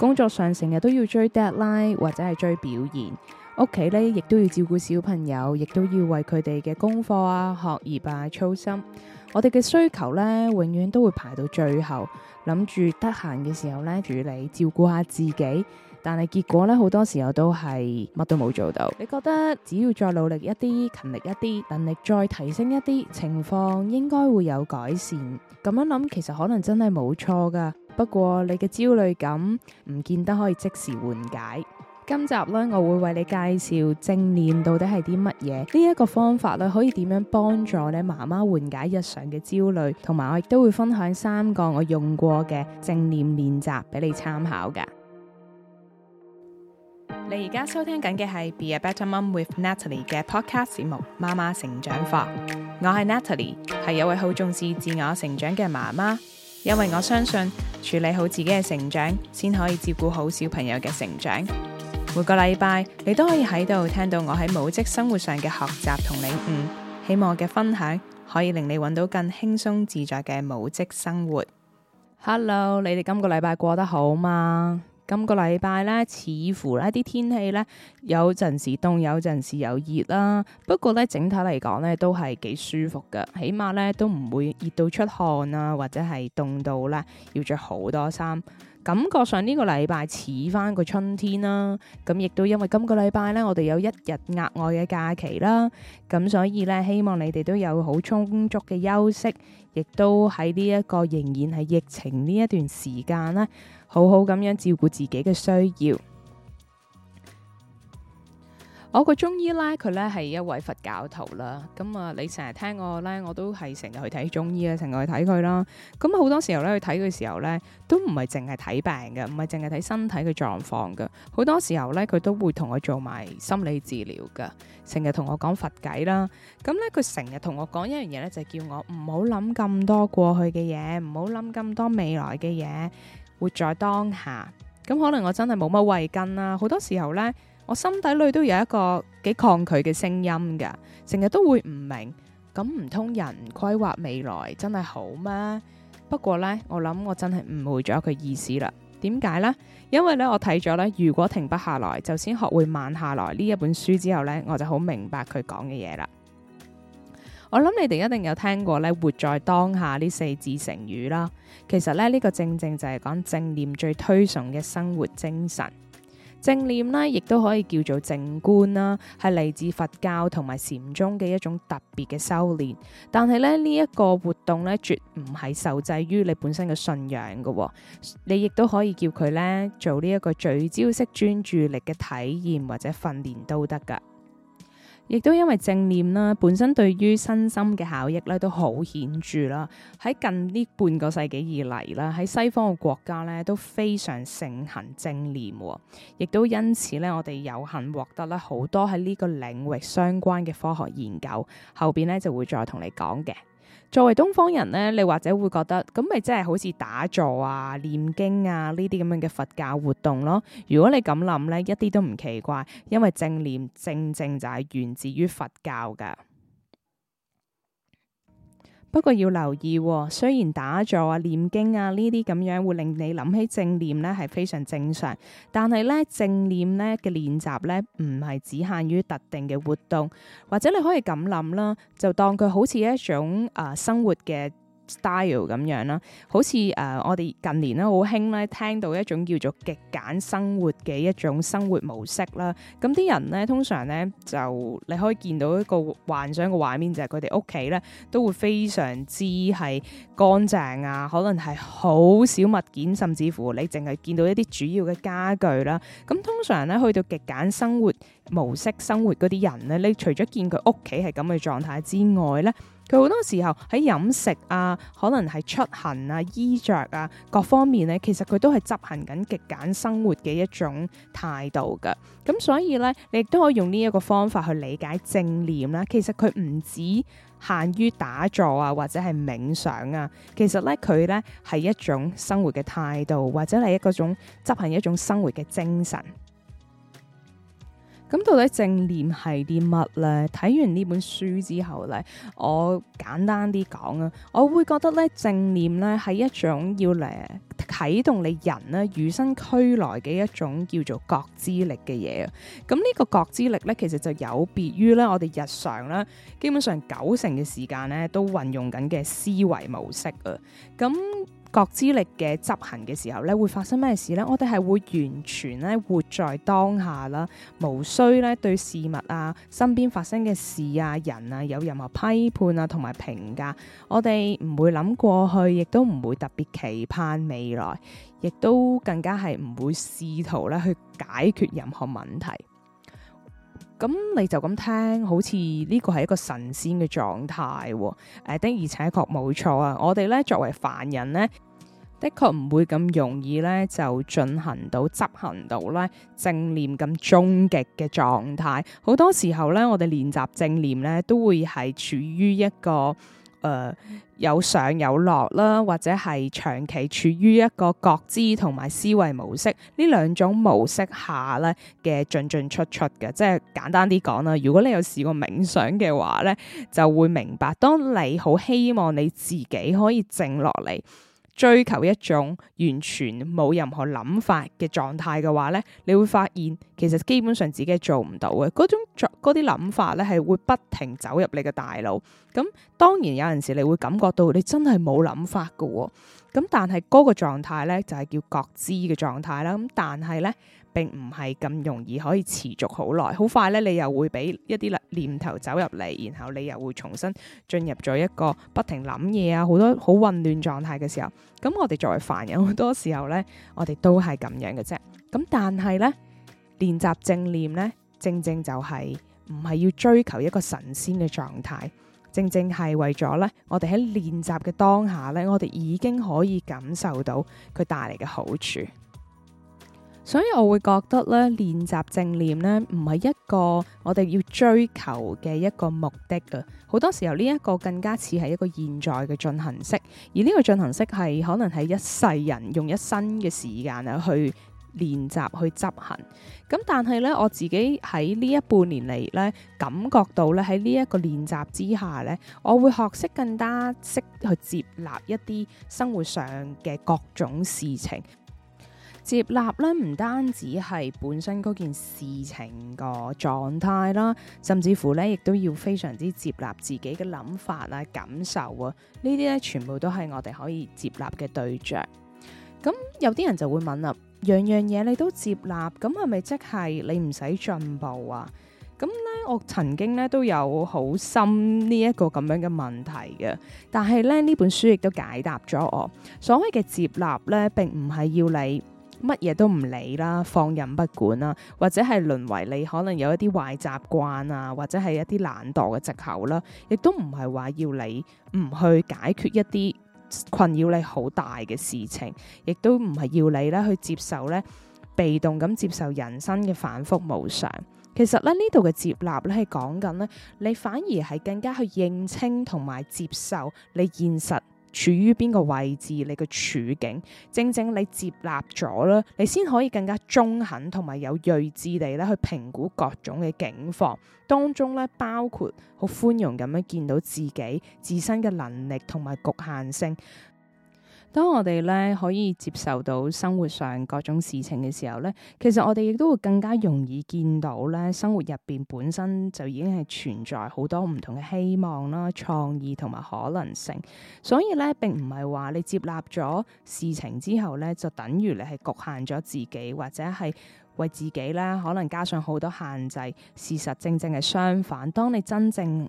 工作上成日都要追 deadline 或者係追表現，屋企咧亦都要照顧小朋友，亦都要為佢哋嘅功課啊、學業啊操心。我哋嘅需求咧，永遠都會排到最後，諗住得閒嘅時候咧，處理照顧下自己。但係結果咧，好多時候都係乜都冇做到。你覺得只要再努力一啲、勤力一啲、能力再提升一啲，情況應該會有改善。咁樣諗，其實可能真係冇錯噶。不過你嘅焦慮感唔見得可以即時緩解。今集呢，我會為你介紹正念到底係啲乜嘢，呢一個方法咧，可以點樣幫助你媽媽緩解日常嘅焦慮？同埋，我亦都會分享三個我用過嘅正念練習俾你參考噶。你而家收聽緊嘅係 Be a Better Mom with Natalie 嘅 Podcast 節目《媽媽成長課》，我係 Natalie，係一位好重視自我成長嘅媽媽，因為我相信處理好自己嘅成長，先可以照顧好小朋友嘅成長。每個禮拜你都可以喺度聽到我喺母職生活上嘅學習同領悟，希望我嘅分享可以令你揾到更輕鬆自在嘅母職生活。Hello，你哋今個禮拜過得好嗎？今個禮拜咧，似乎呢啲天氣呢，有陣時凍，有陣時又熱啦。不過呢，整體嚟講呢，都係幾舒服噶，起碼呢都唔會熱到出汗啦，或者係凍到咧要着好多衫。感覺上呢個禮拜似返個春天啦。咁亦都因為今個禮拜呢，我哋有一日額外嘅假期啦。咁所以呢，希望你哋都有好充足嘅休息，亦都喺呢一個仍然係疫情呢一段時間呢。好好咁樣照顧自己嘅需要。我個中醫咧，佢咧，係一位佛教徒啦。咁啊，你成日聽我咧，我都係成日去睇中醫啦，成日去睇佢啦。咁好多時候咧，去睇佢時候咧，都唔係淨係睇病嘅，唔係淨係睇身體嘅狀況嘅。好多時候咧，佢都會同我做埋心理治療噶。成日同我講佛偈啦。咁咧，佢成日同我講一樣嘢咧，就叫我唔好諗咁多過去嘅嘢，唔好諗咁多未來嘅嘢。活在當下，咁可能我真係冇乜慧根啦。好多時候呢，我心底裏都有一個幾抗拒嘅聲音噶，成日都會唔明，咁唔通人規劃未來真係好咩？不過呢，我諗我真係誤會咗佢意思啦。點解呢？因為呢，我睇咗呢，如果停不下來，就先學會慢下來呢一本書之後呢，我就好明白佢講嘅嘢啦。我諗你哋一定有聽過咧，活在當下呢四字成語啦。其實咧，呢個正正就係講正念最推崇嘅生活精神。正念呢亦都可以叫做靜觀啦，係嚟自佛教同埋禪宗嘅一種特別嘅修煉。但係咧，呢一個活動呢，絕唔係受制於你本身嘅信仰㗎喎。你亦都可以叫佢呢做呢一個聚焦式專注力嘅體驗或者訓練都得噶。亦都因為正念啦，本身對於身心嘅效益咧都好顯著啦。喺近呢半個世紀以嚟啦，喺西方嘅國家咧都非常盛行正念，亦都因此咧，我哋有幸獲得咧好多喺呢個領域相關嘅科學研究。後邊咧就會再同你講嘅。作為東方人咧，你或者會覺得咁咪真係好似打坐啊、念經啊呢啲咁樣嘅佛教活動咯。如果你咁諗咧，一啲都唔奇怪，因為正念正正就係源自於佛教噶。不過要留意喎，雖然打坐啊、念經啊呢啲咁樣會令你諗起正念呢係非常正常。但係呢正念呢嘅練習呢唔係只限於特定嘅活動，或者你可以咁諗啦，就當佢好似一種啊、呃、生活嘅。style 咁樣啦，好似誒、呃、我哋近年咧好興咧聽到一種叫做極簡生活嘅一種生活模式啦。咁啲人咧通常咧，就你可以見到一個幻想嘅畫面，就係佢哋屋企咧都會非常之係乾淨啊，可能係好少物件，甚至乎你淨係見到一啲主要嘅家具啦。咁通常咧去到極簡生活模式生活嗰啲人咧，你除咗見佢屋企係咁嘅狀態之外咧。佢好多時候喺飲食啊，可能係出行啊、衣着啊各方面咧，其實佢都係執行緊極簡生活嘅一種態度㗎。咁所以咧，你亦都可以用呢一個方法去理解正念啦。其實佢唔止限於打坐啊，或者係冥想啊，其實咧佢咧係一種生活嘅態度，或者係一種執行一種生活嘅精神。咁到底正念係啲乜咧？睇完呢本書之後咧，我簡單啲講啊，我會覺得咧正念咧係一種要嚟啟動你人咧與生俱來嘅一種叫做覺知力嘅嘢啊。咁、這、呢個覺知力咧，其實就有別於咧我哋日常咧基本上九成嘅時間咧都運用緊嘅思維模式啊。咁、嗯覺知力嘅執行嘅時候咧，會發生咩事呢？我哋係會完全咧活在當下啦，無需咧對事物啊、身邊發生嘅事啊、人啊有任何批判啊同埋評價，我哋唔會諗過去，亦都唔會特別期盼未來，亦都更加係唔會試圖咧去解決任何問題。咁、嗯、你就咁聽，好似呢個係一個神仙嘅狀態，誒、呃，的而且確冇錯啊！我哋咧作為凡人呢，的確唔會咁容易咧就進行到執行到咧正念咁終極嘅狀態。好多時候咧，我哋練習正念咧，都會係處於一個。誒、呃，有上有落啦，或者係長期處於一個覺知同埋思維模式呢兩種模式下咧嘅進進出出嘅，即係簡單啲講啦。如果你有試過冥想嘅話咧，就會明白，當你好希望你自己可以靜落嚟。追求一種完全冇任何諗法嘅狀態嘅話咧，你會發現其實基本上自己係做唔到嘅，嗰種啲諗法咧係會不停走入你嘅大腦。咁當然有陣時你會感覺到你真係冇諗法嘅，咁但係嗰個狀態咧就係叫覺知嘅狀態啦。咁但係咧。並唔係咁容易可以持續好耐，好快咧，你又會俾一啲念頭走入嚟，然後你又會重新進入咗一個不停諗嘢啊，好多好混亂狀態嘅時候。咁我哋作為凡人，好多時候呢，我哋都係咁樣嘅啫。咁但係呢，練習正念呢，正正就係唔係要追求一個神仙嘅狀態，正正係為咗呢，我哋喺練習嘅當下呢，我哋已經可以感受到佢帶嚟嘅好處。所以我會覺得咧，練習正念咧，唔係一個我哋要追求嘅一個目的嘅。好多時候呢一個更加似係一個現在嘅進行式，而呢個進行式係可能係一世人用一生嘅時間啊去練習，去練習，去執行。咁但係咧，我自己喺呢一半年嚟咧，感覺到咧喺呢一個練習之下咧，我會學識更加識去接納一啲生活上嘅各種事情。接納咧，唔單止係本身嗰件事情個狀態啦，甚至乎咧，亦都要非常之接納自己嘅諗法啊、感受啊，呢啲咧全部都係我哋可以接納嘅對象。咁有啲人就會問啦，樣樣嘢你都接納，咁係咪即係你唔使進步啊？咁咧，我曾經咧都有好深呢一個咁樣嘅問題嘅，但係咧呢本書亦都解答咗我所謂嘅接納咧，並唔係要你。乜嘢都唔理啦，放任不管啦，或者係淪為你可能有一啲壞習慣啊，或者係一啲懶惰嘅借口啦，亦都唔係話要你唔去解決一啲困擾你好大嘅事情，亦都唔係要你咧去接受咧，被動咁接受人生嘅反覆無常。其實咧呢度嘅接納咧係講緊咧，你反而係更加去認清同埋接受你現實。處於邊個位置，你嘅處境，正正你接納咗啦，你先可以更加中肯同埋有睿智地咧去評估各種嘅境況當中咧，包括好寬容咁樣見到自己自身嘅能力同埋局限性。當我哋咧可以接受到生活上各種事情嘅時候咧，其實我哋亦都會更加容易見到咧生活入邊本身就已經係存在好多唔同嘅希望啦、創意同埋可能性。所以咧並唔係話你接納咗事情之後咧，就等於你係局限咗自己或者係為自己咧可能加上好多限制。事實正正係相反，當你真正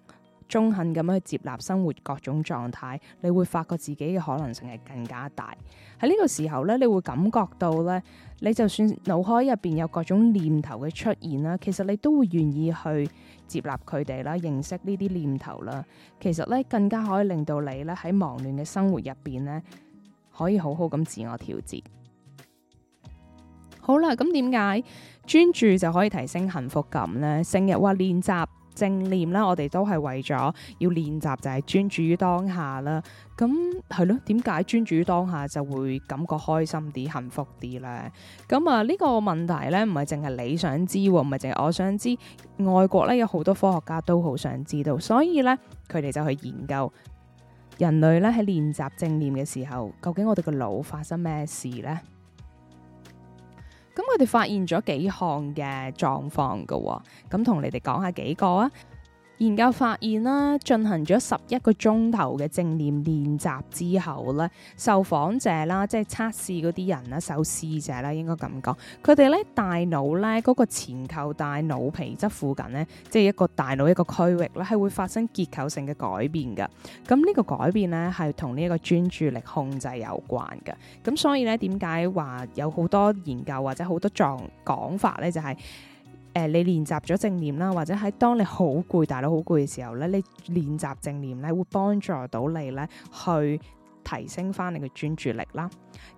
中肯咁樣去接納生活各種狀態，你會發覺自己嘅可能性係更加大。喺呢個時候咧，你會感覺到咧，你就算腦海入邊有各種念頭嘅出現啦，其實你都會願意去接納佢哋啦，認識呢啲念頭啦。其實咧，更加可以令到你咧喺忙亂嘅生活入邊咧，可以好好咁自我調節。好啦，咁點解專注就可以提升幸福感呢？成日話練習。正念啦，我哋都係為咗要練習，就係專注於當下啦。咁係咯，點解專注於當下就會感覺開心啲、幸福啲咧？咁啊，呢個問題咧，唔係淨係你想知，唔係淨係我想知，外國咧有好多科學家都好想知道，所以咧佢哋就去研究人類咧喺練習正念嘅時候，究竟我哋個腦發生咩事咧？咁我哋發現咗幾項嘅狀況嘅，咁同你哋講下幾個啊。研究發現咧，進行咗十一個鐘頭嘅正念練習之後咧，受訪者啦，即係測試嗰啲人啦，受試者啦，應該咁講，佢哋咧大腦咧嗰個前扣帶大腦皮質附近咧，即係一個大腦一個區域咧，係會發生結構性嘅改變嘅。咁呢個改變咧，係同呢一個專注力控制有關嘅。咁所以咧，點解話有好多研究或者好多講法咧，就係，誒、呃，你練習咗正念啦，或者喺當你好攰、大腦好攰嘅時候咧，你練習正念咧，會幫助到你咧去提升返你嘅專注力啦。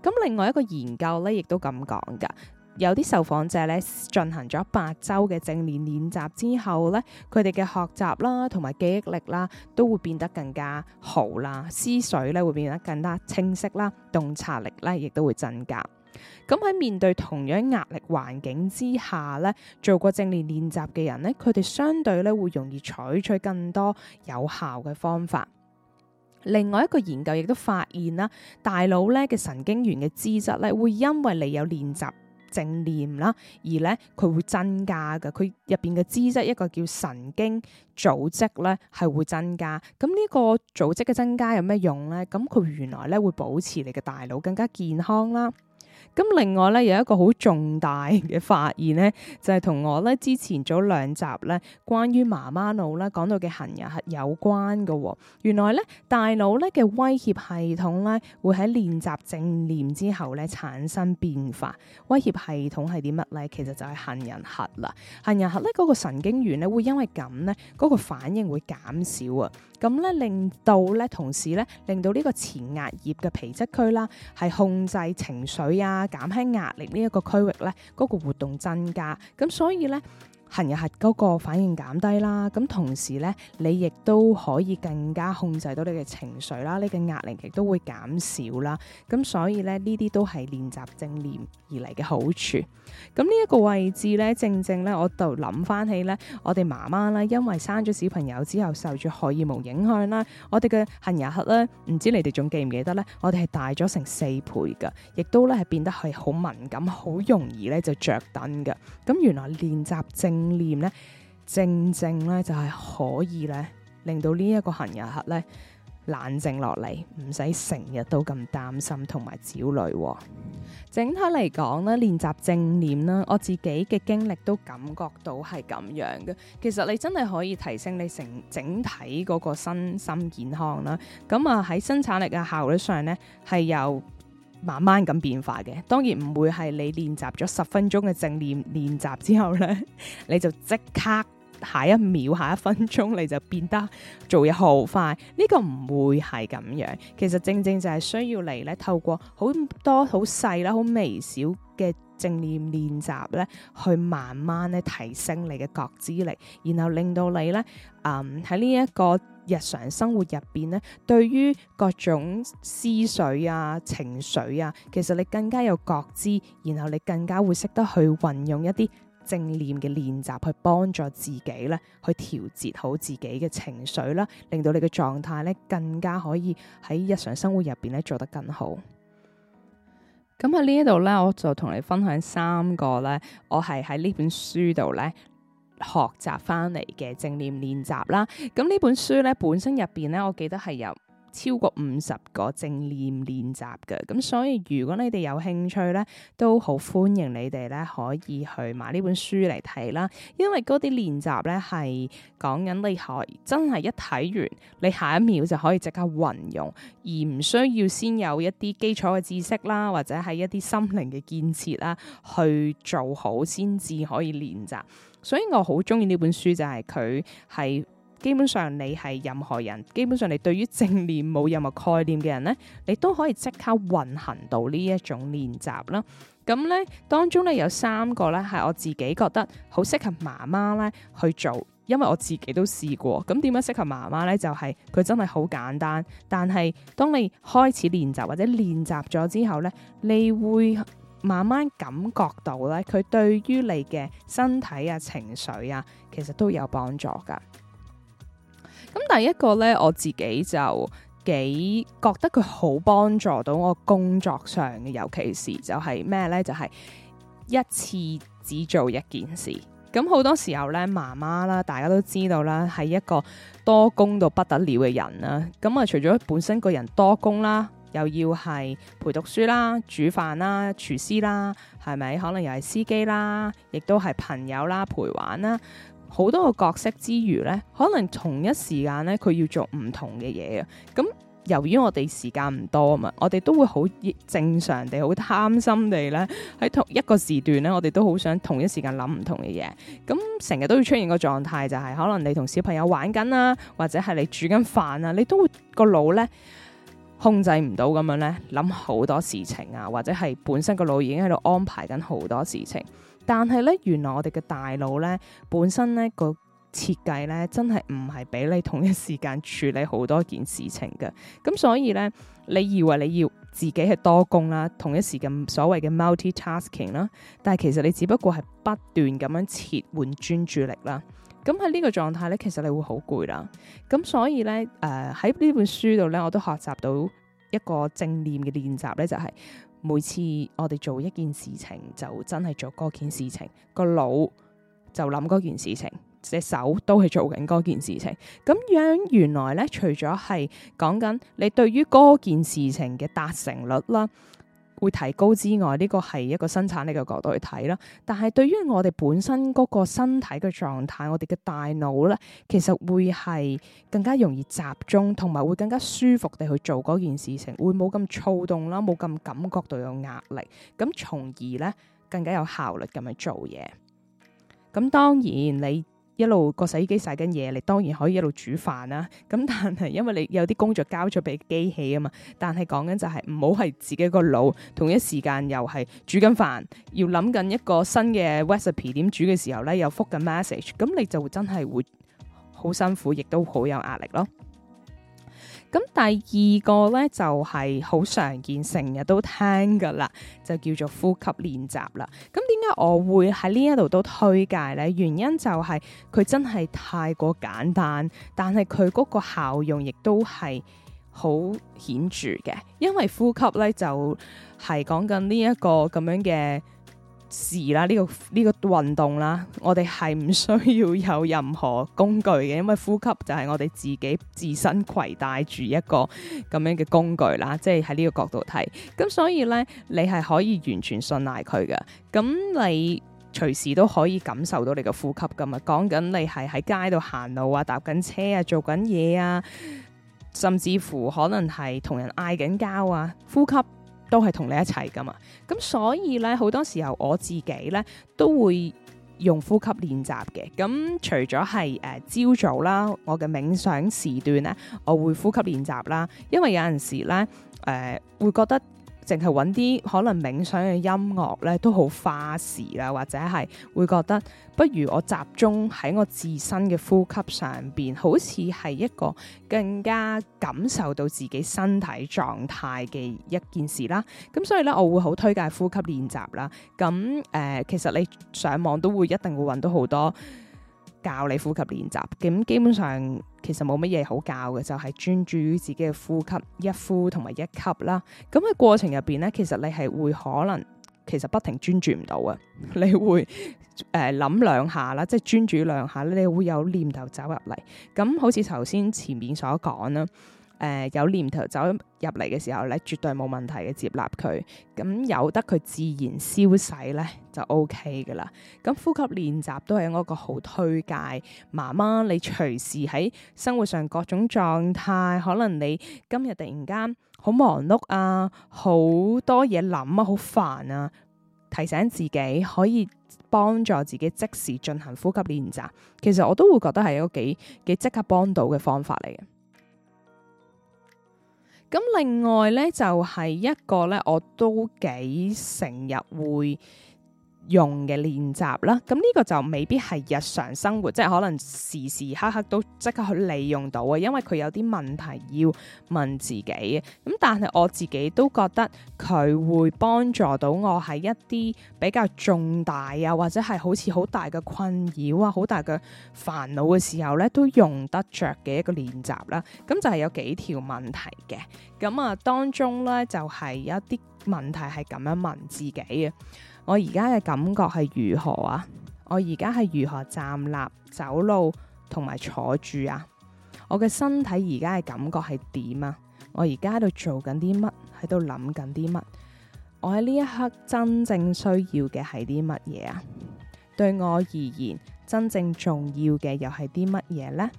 咁另外一個研究咧，亦都咁講㗎，有啲受訪者咧進行咗八周嘅正念練習之後咧，佢哋嘅學習啦同埋記憶力啦都會變得更加好啦，思緒咧會變得更加清晰啦，洞察力咧亦都會增加。咁喺面對同樣壓力環境之下咧，做過正念練、練習嘅人咧，佢哋相對咧會容易採取更多有效嘅方法。另外一個研究亦都發現啦，大腦咧嘅神經元嘅資質咧會因為你有練習正念啦，而咧佢會增加嘅。佢入邊嘅資質一個叫神經組織咧係會增加。咁呢個組織嘅增加有咩用咧？咁佢原來咧會保持你嘅大腦更加健康啦。咁另外咧，有一個好重大嘅發現咧，就係同我咧之前早兩集咧關於媽媽腦咧講到嘅杏仁核有關嘅。原來咧，大腦咧嘅威脅系統咧會喺練習正念之後咧產生變化。威脅系統係啲乜咧？其實就係杏仁核啦。杏仁核咧嗰個神經元咧會因為咁咧嗰個反應會減少啊。咁咧令到咧，同時咧令到呢個前額葉嘅皮質區啦，係控制情緒啊、減輕壓力呢一個區域咧，嗰個活動增加。咁所以咧。杏仁核嗰個反應減低啦，咁同時咧，你亦都可以更加控制到你嘅情緒啦，你嘅壓力亦都會減少啦。咁所以咧，呢啲都係練習正念而嚟嘅好處。咁呢一個位置咧，正正咧，我就諗翻起咧，我哋媽媽咧，因為生咗小朋友之後受住荷爾蒙影響啦，我哋嘅杏仁核咧，唔知你哋仲記唔記得咧？我哋係大咗成四倍噶，亦都咧係變得係好敏感、好容易咧就着燈嘅。咁原來練習正念咧，正正咧就係可以咧，令到呢一個行人客咧冷靜落嚟，唔使成日都咁擔心同埋焦慮喎。整體嚟講咧，練習正念啦，我自己嘅經歷都感覺到係咁樣嘅。其實你真係可以提升你成整體嗰個身心健康啦。咁啊喺生產力嘅效率上咧，係由，慢慢咁變化嘅。當然唔會係你練習咗十分鐘嘅正念練習之後咧， 你就即刻下一秒、下一分鐘你就變得做嘢好快，呢個唔會係咁樣。其實正正就係需要你咧，透過好多好細啦、好微小嘅正念練習咧，去慢慢咧提升你嘅覺知力，然後令到你咧，嗯喺呢一個日常生活入邊咧，對於各種思緒啊、情緒啊，其實你更加有覺知，然後你更加會識得去運用一啲正念嘅練習去幫助自己咧，去調節好自己嘅情緒啦、啊，令到你嘅狀態咧更加可以喺日常生活入邊咧做得更好。咁喺呢一度咧，我就同你分享三個咧，我係喺呢本書度咧。學習翻嚟嘅正念練習啦，咁呢本書咧本身入邊咧，我記得係有超過五十個正念練習㗎，咁所以如果你哋有興趣咧，都好歡迎你哋咧可以去買呢本書嚟睇啦。因為嗰啲練習咧係講緊你可真係一睇完，你下一秒就可以即刻運用，而唔需要先有一啲基礎嘅知識啦，或者係一啲心靈嘅建設啦，去做好先至可以練習。所以我好鍾意呢本書，就係佢係。基本上你係任何人，基本上你對於正念冇任何概念嘅人呢，你都可以即刻運行到呢一種練習啦。咁呢當中呢，有三個呢係我自己覺得好適合媽媽呢去做，因為我自己都試過。咁點樣適合媽媽呢？就係、是、佢真係好簡單，但係當你開始練習或者練習咗之後呢，你會慢慢感覺到呢，佢對於你嘅身體啊、情緒啊，其實都有幫助噶。咁第一個呢，我自己就幾覺得佢好幫助到我工作上嘅，尤其是就係咩呢？就係一次只做一件事。咁好多時候呢，媽媽啦，大家都知道啦，係一個多工到不得了嘅人啦。咁啊，除咗本身個人多工啦，又要係陪讀書啦、煮飯啦、廚師啦，係咪可能又係司機啦，亦都係朋友啦、陪玩啦。好多個角色之餘呢，可能同一時間呢，佢要做唔同嘅嘢啊。咁由於我哋時間唔多啊嘛，我哋都會好正常地、好貪心地呢。喺同一個時段呢，我哋都好想同一時間諗唔同嘅嘢。咁成日都會出現個狀態，就是，就係可能你同小朋友玩緊啊，或者係你煮緊飯啊，你都會個腦呢控制唔到咁樣呢。諗好多事情啊，或者係本身個腦已經喺度安排緊好多事情。但係咧，原來我哋嘅大腦咧本身咧，這個設計咧真係唔係俾你同一時間處理好多件事情嘅，咁所以咧，你以為你要自己係多工啦，同一時間所謂嘅 multi-tasking 啦，但係其實你只不過係不斷咁樣切換專注力啦，咁喺呢個狀態咧，其實你會好攰啦，咁所以咧，誒喺呢本書度咧，我都學習到一個正念嘅練習咧，就是，就係。每次我哋做一件事情，就真係做嗰件事情，個腦就諗嗰件事情，隻手都係做緊嗰件事情。咁樣原來呢，除咗係講緊你對於嗰件事情嘅達成率啦。會提高之外，呢個係一個生產力嘅角度去睇啦。但係對於我哋本身嗰個身體嘅狀態，我哋嘅大腦咧，其實會係更加容易集中，同埋會更加舒服地去做嗰件事情，會冇咁躁動啦，冇咁感覺到有壓力，咁從而咧更加有效率咁樣做嘢。咁當然你一路個洗衣機洗緊嘢，你當然可以一路煮飯啦。咁但係因為你有啲工作交咗俾機器啊嘛，但係講緊就係唔好係自己個腦同一時間又係煮緊飯，要諗緊一個新嘅 recipe 點煮嘅時候咧，又覆緊 message，咁你就真係會好辛苦，亦都好有壓力咯。咁第二個咧就係好常見，成日都聽噶啦，就叫做呼吸練習啦。咁點解我會喺呢一度都推介呢？原因就係佢真係太過簡單，但係佢嗰個效用亦都係好顯著嘅。因為呼吸咧就係講緊呢一個咁樣嘅事啦，呢個呢個運動啦，我哋係唔需要有任何工具嘅。因為呼吸就係我哋自己自身攜帶住一個咁樣嘅工具啦，即係喺呢個角度睇。咁所以呢，你係可以完全信賴佢嘅。咁你隨時都可以感受到你個呼吸噶嘛。講緊你係喺街度行路啊，搭緊車啊，做緊嘢啊，甚至乎可能係同人嗌緊交啊，呼吸。都係同你一齊噶嘛，咁所以咧，好多時候我自己咧都會用呼吸練習嘅。咁除咗係誒朝早啦，我嘅冥想時段咧，我會呼吸練習啦。因為有陣時咧，誒、呃、會覺得。淨係揾啲可能冥想嘅音樂咧，都好花時啦，或者係會覺得不如我集中喺我自身嘅呼吸上面，好似係一個更加感受到自己身體狀態嘅一件事啦。咁所以咧，我會好推介呼吸練習啦。咁誒、呃，其實你上網都會一定會揾到好多。教你呼吸練習，咁基本上其實冇乜嘢好教嘅，就係、是、專注於自己嘅呼吸一呼同埋一吸啦。咁喺過程入邊咧，其實你係會可能其實不停專注唔到啊。你會誒諗、呃、兩下啦，即係專注兩下咧，你會有念頭走入嚟。咁好似頭先前面所講啦。誒、呃，有念頭走入嚟嘅時候咧，絕對冇問題嘅接納佢，咁、嗯、由得佢自然消逝咧就 O K 㗎喇。咁、嗯、呼吸練習都係我一個好推介，媽媽你隨時喺生活上各種狀態，可能你今日突然間好忙碌啊，好多嘢諗啊，好煩啊，提醒自己可以幫助自己即時進行呼吸練習，其實我都會覺得係一個幾幾即刻幫到嘅方法嚟嘅。咁另外呢，就係、是、一個呢，我都幾成日會用嘅練習啦，咁呢個就未必係日常生活，即係可能時時刻刻都即刻去利用到啊，因為佢有啲問題要問自己嘅。咁但係我自己都覺得佢會幫助到我喺一啲比較重大啊，或者係好似好大嘅困擾啊、好大嘅煩惱嘅時候呢，都用得着嘅一個練習啦。咁就係有幾條問題嘅，咁啊當中呢，就係有一啲問題係咁樣問自己嘅。我而家嘅感覺係如何啊？我而家係如何站立、走路同埋坐住啊？我嘅身體而家嘅感覺係點啊？我而家喺度做緊啲乜？喺度諗緊啲乜？我喺呢一刻真正需要嘅係啲乜嘢啊？對我而言真正重要嘅又係啲乜嘢呢？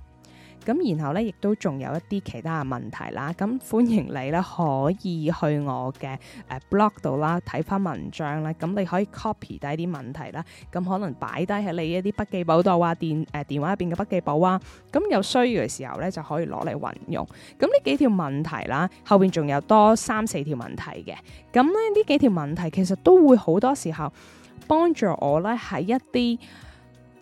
咁然後咧，亦都仲有一啲其他嘅問題啦。咁歡迎你咧，可以去我嘅誒、呃、blog 度啦，睇翻文章啦。咁你可以 copy 低啲問題啦。咁可能擺低喺你一啲筆記簿度啊，電誒、呃、電話入邊嘅筆記簿啊。咁有需要嘅時候咧，就可以攞嚟運用。咁呢幾條問題啦，後邊仲有多三四條問題嘅。咁咧，呢幾條問題其實都會好多時候幫助我咧，喺一啲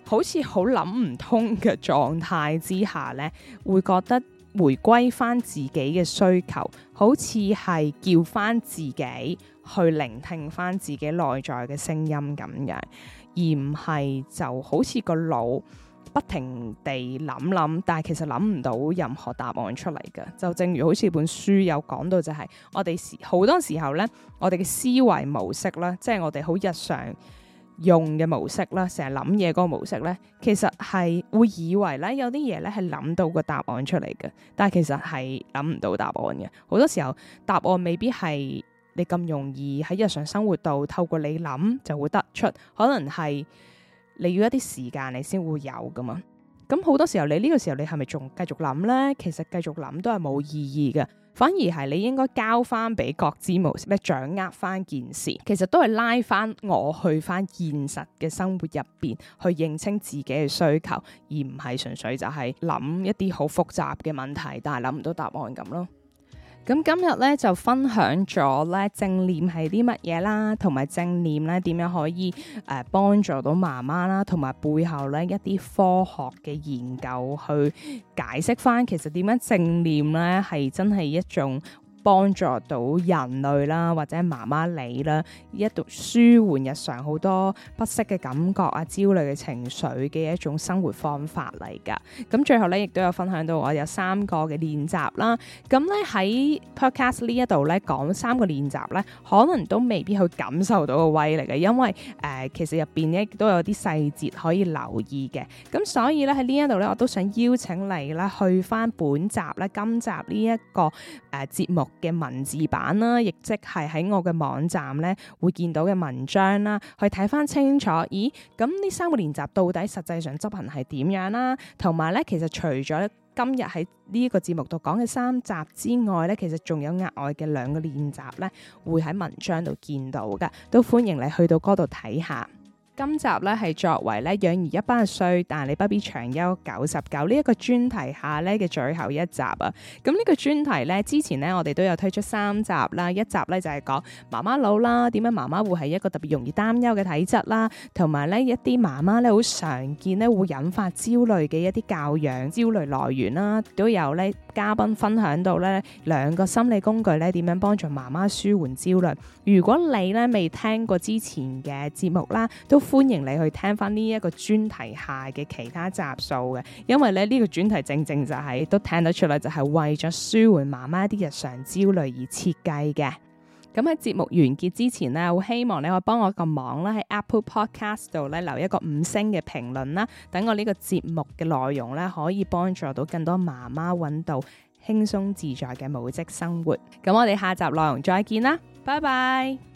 好似好諗唔通嘅狀態之下呢，會覺得回歸翻自己嘅需求，好似係叫翻自己去聆聽翻自己內在嘅聲音咁樣，而唔係就好似個腦不停地諗諗，但係其實諗唔到任何答案出嚟嘅。就正如好似本書有講到，就係，就係我哋好多時候呢，我哋嘅思維模式啦，即係我哋好日常。用嘅模式啦，成日諗嘢嗰個模式咧，其實係會以為咧有啲嘢咧係諗到個答案出嚟嘅，但係其實係諗唔到答案嘅。好多時候答案未必係你咁容易喺日常生活度透過你諗就會得出，可能係你要一啲時間你先會有噶嘛。咁好多時候你呢個時候你係咪仲繼續諗咧？其實繼續諗都係冇意義嘅。反而係你應該交翻俾各自模咩掌握翻件事，其實都係拉翻我去翻現實嘅生活入邊去認清自己嘅需求，而唔係純粹就係諗一啲好複雜嘅問題，但係諗唔到答案咁咯。咁今日咧就分享咗咧正念係啲乜嘢啦，同埋正念咧點樣可以誒、呃、幫助到媽媽啦，同埋背後咧一啲科學嘅研究去解釋翻，其實點樣正念咧係真係一種幫助到人類啦，或者媽媽你啦，一度舒緩日常好多不適嘅感覺啊、焦慮嘅情緒嘅一種生活方法嚟㗎。咁最後咧，亦都有分享到我有三個嘅練習啦。咁咧喺 Podcast 呢一度咧講三個練習咧，可能都未必去感受到個威力嘅，因為誒、呃、其實入邊咧都有啲細節可以留意嘅。咁所以咧喺呢一度咧，我都想邀請你啦去返本集咧，今集呢、這、一個誒、呃、節目。嘅文字版啦，亦即係喺我嘅網站咧會見到嘅文章啦，去睇翻清楚。咦，咁呢三個練習到底實際上執行係點樣啦？同埋咧，其實除咗今日喺呢個節目度講嘅三集之外咧，其實仲有額外嘅兩個練習咧，會喺文章度見到㗎，都歡迎你去到嗰度睇下。今集咧，係作為咧，養兒一百歲但係你不必長憂九十九呢一個專題下咧嘅最後一集啊！咁呢個專題咧，之前咧我哋都有推出三集啦，一集咧，就係講媽媽腦啦，點樣媽媽會係一個特別容易擔憂嘅體質啦，同埋咧一啲媽媽咧好常見咧會引發焦慮嘅一啲教養焦慮來源啦，都有咧嘉賓分享到咧兩個心理工具咧點樣幫助媽媽舒緩焦慮。如果你咧未聽過之前嘅節目啦，都歡迎你去聽翻呢一個專題下嘅其他集數嘅，因為咧呢、這個專題正正就係、是、都聽得出來就係為咗舒緩媽媽一啲日常焦慮而設計嘅。咁喺節目完結之前呢，我希望你可以幫我個忙啦，喺 Apple Podcast 度咧留一個五星嘅評論啦，等我呢個節目嘅內容咧可以幫助到更多媽媽揾到輕鬆自在嘅母職生活，咁我哋下集內容再見啦，拜拜。